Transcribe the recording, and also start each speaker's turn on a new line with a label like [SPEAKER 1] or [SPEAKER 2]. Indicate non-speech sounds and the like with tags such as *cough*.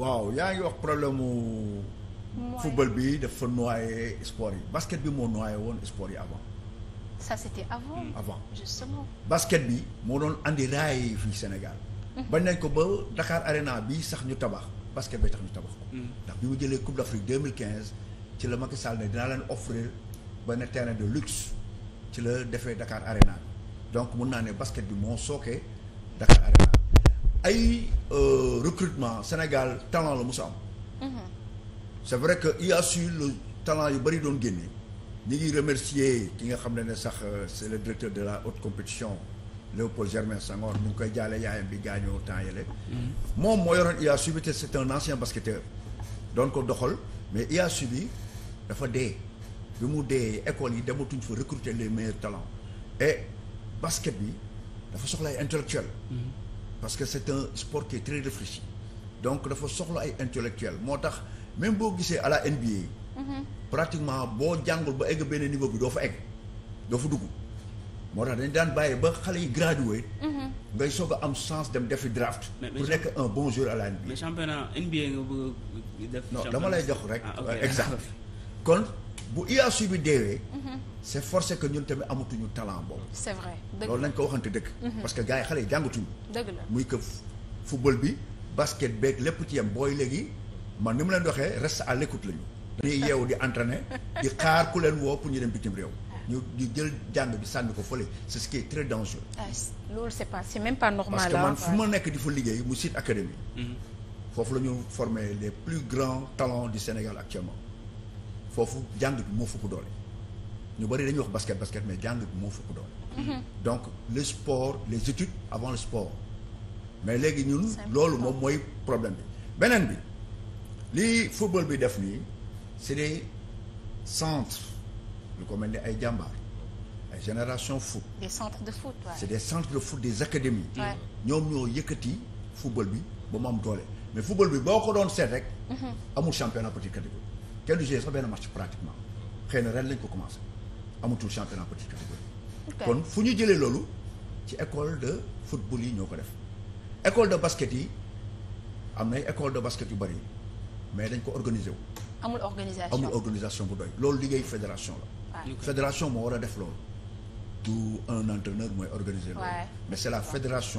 [SPEAKER 1] waaw yaa ngi wax problème mu. football bi dafa noyé sport yi basket bi moo noyé woon sport yi avant. ça c'était avant. Hmm. basket bi moo doon andi raay yi fii Sénégal. Hmm. ba nekk ko ba Dakar Arena bi sax ñu tabax basket bi tax ñu tabax ko. Hmm. ndax bi mu jëlee Coupe d'Afrique 2015 ci la Macky Sall ne dinaa leen offrir benn terrain de luxe ci la defee Dakar Arena donc mun naa ne basket bi moo sookee Dakar Arena. ay euh, recrutement Sénégal talent la mu sa am mhm. c'est vrai que IASU le talent yu bëri doon génne ñu ngi remercier ki nga xam ne ne sax euh, c'est le directeur de la haute compétition Léopold Germain Senghor ñu ngi koy jaalee yaayam bi gaañoo temps yële mhm. moom moo yoroon IASU bi te c'est un ancien basketteur doon ko doxal mais IASU bi dafa dee bi mu dee école yi dematuñ fa recruter les meilleurs talents et basket bi dafa soxla ay parce que c'est un sport qui est très réfléchi donc dafa soxla ay intellectuel moo tax même boo gisee à la NBA. Mhm. pratiquement boo jàngul ba egg benn niveau bi doo fa egg doo fa dugg moo tax dañ daan bàyyi ba xale yi gradué. Mhm. ngay soog a am chance dem defi draft. pour nekk un bon joueur la NBA. mais championnat NBA nga bëgg def. dama lay jox rek ah, exemple *laughs* kon bu IASU bi deewee. Mhm. c'est force que ñun tamit amatuñu talent boobu. c'est vrai dëgg loolu nañ ko waxante dëgg. Mhm. parce que gars yi xale yi jàngatuñu. dëgg la muy que football bi basket beeg lépp ci yem booy léegi man ni mu leen doxee reste à l'écoute lañu. dañuy *laughs* yeewu di entraîner di xaar ku leen woo pour ñu dem bitim réew. ñu ñu jël jàng bi sànni ko fële c'est ce qui est très ah, pas c'est même pas normal. parce que man fu ma nekk di fu liggéey mu site académie. Mhm. foofu la ñu former les plus grands talents di Sénégal actuellement foofu jàng bi moo doole. ñu bëri dañuy wax basket basket mais jàng bi moo fukk doon mhm. donc le sport les études avant le sport mais léegi ñun loolu moom mooy problème bi beneen bi lii football bi def nii c'est des centres lu ko mel ni ay jàmbaar ay génération foot des centres de foot ouais. c'est des centres de foot des académies ñoom ñoo yëkkati football bi ba mu am doole mais football bi boo ko doon seet rek mhm. amul championnat petite catégorie kenn du jouer sax benn match pratiquement xëy na ren lañ ko commencé amatul championnat petite kon fu ñu jëlee loolu ci école de football yi ñoo ko def école de basket yi am nay école de basket yu bëri mais dañ ko organiser wu. amul organisation amul organisation bu doy. loolu liggéey fédération la. fédération moo war a def loolu. du un entraîneur mooy organiser loolu. mais c'est la fédération.